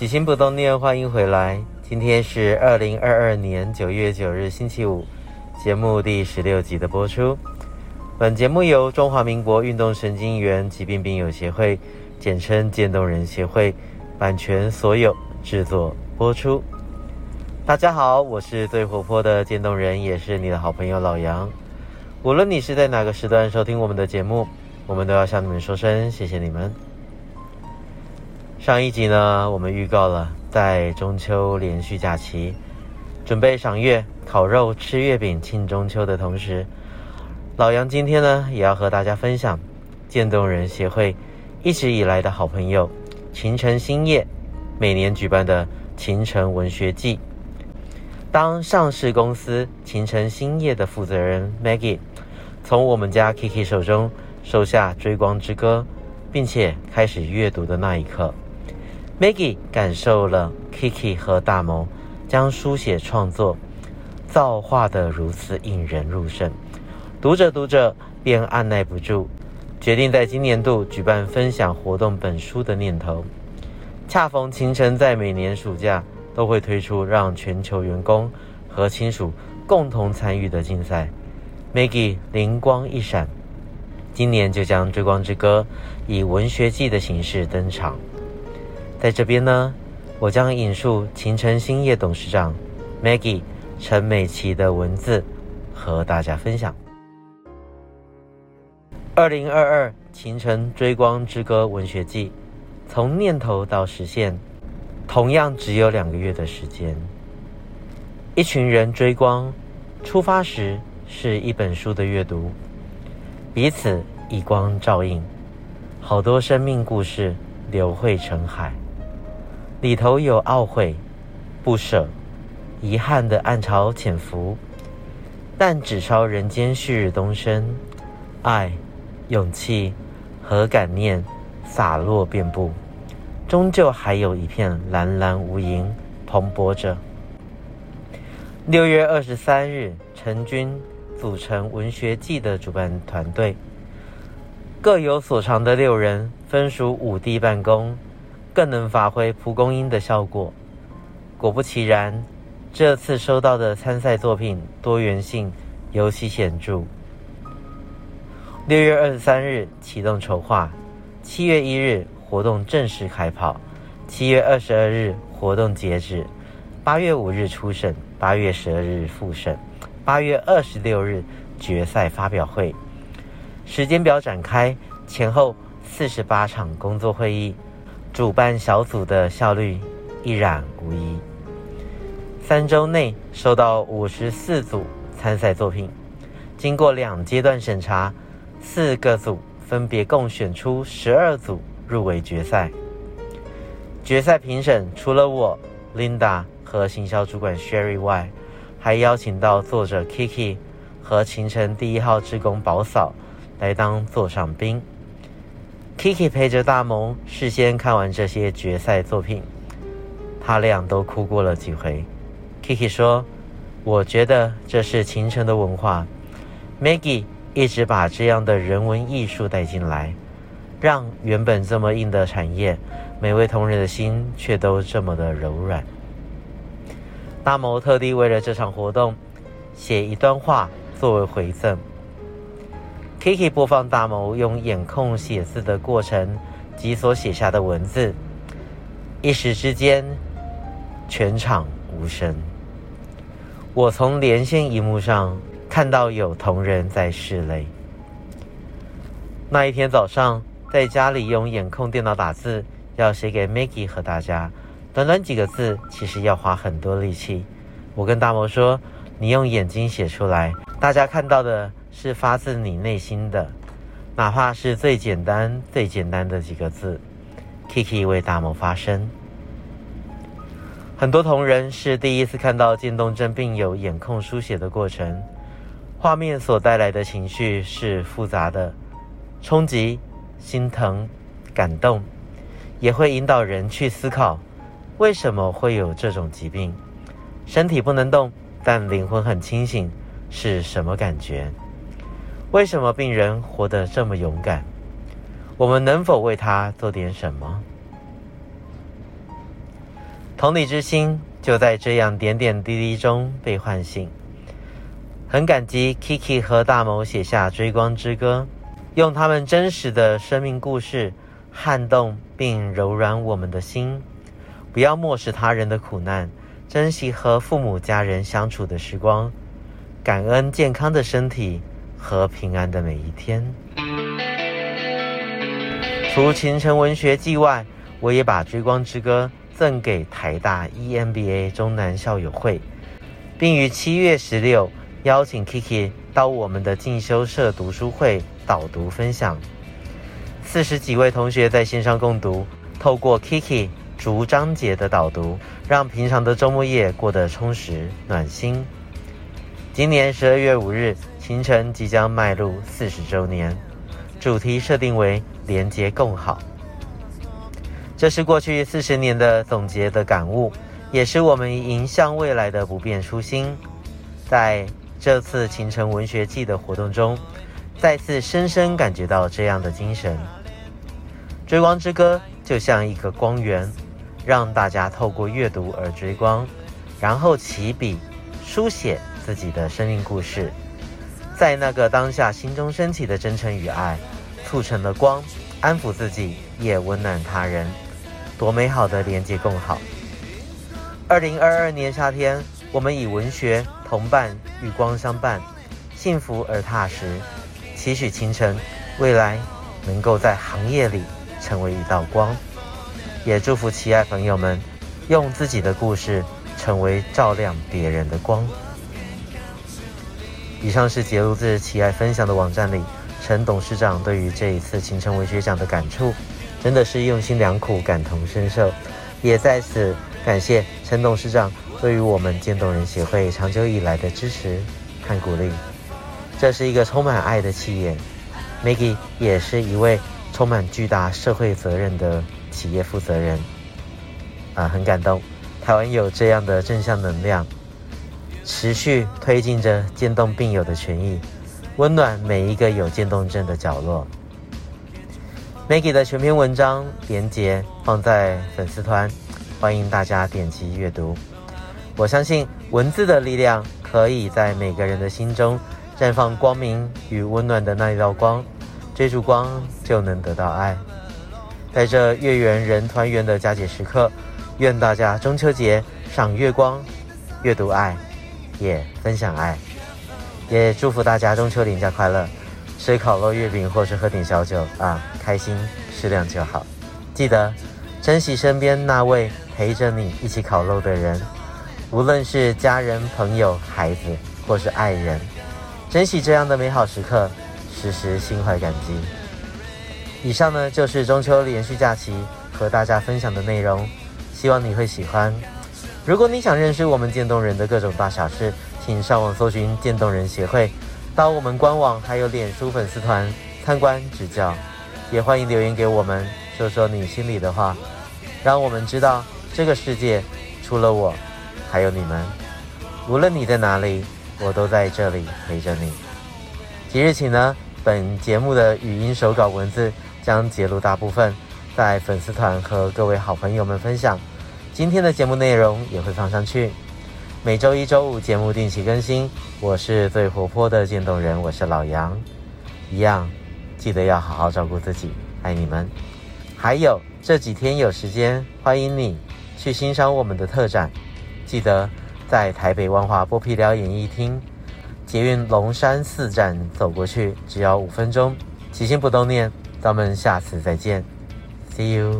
起心不凍念，歡迎回來。今天是二零二二年九月九日星期五，節目第十六集的播出。本節目由中華民國運動神經元疾病病友協會（簡稱漸凍人協會）版權所有製作播出。大家好，我是最活潑的漸凍人，也是你的好朋友老羊。無論你是在哪個時段收聽我們的節目，我們都要向你們說聲謝謝你們。上一集呢，我們預告了在中秋連續假期，準備賞月、烤肉、吃月餅、慶中秋的同時，老羊今天呢也要和大家分享，漸凍人協會一直以來的好朋友，勤誠興業每年舉辦的勤誠文學季。當上市公司勤誠興業的負責人 Maggie 從我們家 Kiki 手中收下《追光之歌》，並且開始閱讀的那一刻。Maggie 感受了 Kiki 和大謀，將書寫創作，造化的如此引人入勝，讀着讀着便按耐不住，決定在今年度舉辦分享活動。本書的念頭，恰逢勤誠在每年暑假都會推出讓全球員工和親屬共同參與的競賽，Maggie 靈光一閃，今年就將《追光之歌》以文學季的形式登場。在這邊呢，我將引述勤誠興業董事長 Maggie 陳美琪的文字和大家分享。二零二二勤誠追光之歌文學季，從念頭到實現，同樣只有兩個月的時間。一群人追光，出發時是一本書的閱讀，彼此以光照應，好多生命故事流匯成海。裡頭有懊悔、不捨、遺憾的暗潮潛伏，但只超人間旭日東昇，愛、勇氣和感念灑落遍布，終究還有一片藍藍無垠蓬勃着。六月二十三日，勤誠組成文學季的主辦團隊，各有所長的六人分屬五地辦公。更能發揮蒲公英的效果。果不其然，這次收到的參賽作品多元性尤其顯著。六月二十三日啟動籌劃，七月一日活動正式開跑，七月二十二日活動截止，八月五日初審，八月十二日複審，八月二十六日決賽發表會。時間表展開，前後四十八場工作會議。主辦小組的效率一覽無遺，三週內收到五十四組參賽作品，經過兩階段審查，四個組分別共選出十二組入圍決賽。決賽評審除了我、Linda 和行銷主管 Sherry 外，還邀請到作者 Kiki 和勤誠第一號志工寶嫂來當座上賓。Kiki 陪着大謀事先看完這些決賽作品，他倆都哭過了幾回。Kiki 說：“我覺得這是勤誠的文化。” Maggie 一直把這樣的人文藝術帶進來，讓原本這麼硬的產業，每位同仁的心卻都這麼的柔軟。大謀特地為了這場活動寫一段話作為回贈。Kiki 播放大謀用眼控寫字的過程及所寫下的文字，一時之間全場無聲。我從連線熒幕上看到有同仁在拭淚。那一天早上在家裡用眼控電腦打字，要寫給 Maggie 和大家，短短幾個字其實要花很多力氣。我跟大謀說：“你用眼睛寫出來，大家看到的。”是發自你內心的，哪怕是最簡單、最簡單的幾個字。Kiki 為大謀發聲。很多同仁是第一次看到漸凍症病友眼控書寫的過程，畫面所帶來的情緒是複雜的，衝擊、心疼、感動，也會引導人去思考：為什麼會有這種疾病？身體不能動，但靈魂很清醒，是什麼感覺？為什麼病人活得這麼勇敢？我們能否為他做點什麼？同理之心就在這樣點點滴滴中被喚醒。很感激 Kiki 和大謀寫下《追光之歌》，用他們真實的生命故事撼動並柔軟我們的心。不要漠視他人的苦難，珍惜和父母家人相處的時光，感恩健康的身體。和平安的每一天。除《勤誠文學季》外，我也把《追光之歌》贈給台大 EMBA 中南校友會，並於七月十六邀請 Kiki 到我們的進修社讀書會導讀分享。四十幾位同學在線上共讀，透過 Kiki 逐章節的導讀，讓平常的周末夜過得充實暖心。今年十二月五日。勤誠即將邁入四十週年，主題設定為“連接更好”，這是過去四十年的總結的感悟，也是我們迎向未來的不變初心。在這次勤誠文學季的活動中，再次深深感覺到這樣的精神。追光之歌就像一個光源，讓大家透過閱讀而追光，然後起筆書寫自己的生命故事。在那個當下，心中升起的真誠與愛，促成了光，安撫自己，也溫暖他人。多美好的連接共好。二零二二年夏天，我們以文學同伴與光相伴，幸福而踏實。期許勤誠未來，能夠在行業裡成為一道光，也祝福親愛朋友們，用自己的故事成為照亮別人的光。以上是節錄自己喜愛分享的網站裡，陳董事長對於這一次勤誠文學季的感觸，真的是用心良苦，感同身受。也在此感謝陳董事長對於我們漸凍人協會長久以來的支持和鼓勵。這是一個充滿愛的企業，Maggie 也是一位充滿巨大社會責任的企業負責人。啊，很感動，台灣有這樣的正向能量。持續推進着漸凍病友的權益，溫暖每一個有漸凍症的角落。Maggie 的全篇文章連結放在粉絲團，歡迎大家點擊閱讀。我相信文字的力量，可以在每個人的心中綻放光明與溫暖的那一道光。追逐光，就能得到愛。在這月圓人團圓的佳節時刻，願大家中秋節賞月光，閱讀愛。也、yeah, 分享愛，也、yeah, 祝福大家中秋連假快樂，吃烤肉月餅，或是喝點小酒啊，開心適量就好。記得珍惜身邊那位陪着你一起烤肉的人，無論是家人、朋友、孩子，或是愛人，珍惜這樣的美好時刻，時時心懷感激。以上呢，就是中秋連續假期和大家分享的內容，希望你會喜歡。如果你想認識我們漸凍人的各種大小事，請上網搜尋“漸凍人協會”，到我們官網還有臉書粉絲團參觀指教，也歡迎留言給我們說說你心裡的話，讓我們知道這個世界除了我，還有你們。無論你在哪裡，我都在這裡陪着你。即日起呢，本節目的語音手稿文字將揭露大部分，在粉絲團和各位好朋友們分享。今天的節目內容也會放上去，每周一、周五節目定期更新。我是最活潑的漸凍人，我是老楊，一樣記得要好好照顧自己，愛你們。還有這幾天有時間，歡迎你去欣賞我們的特展，記得在台北萬華剝皮寮演藝廳，捷運龍山寺站走過去，只要五分鐘。起心不凍念，咱們下次再見，See you。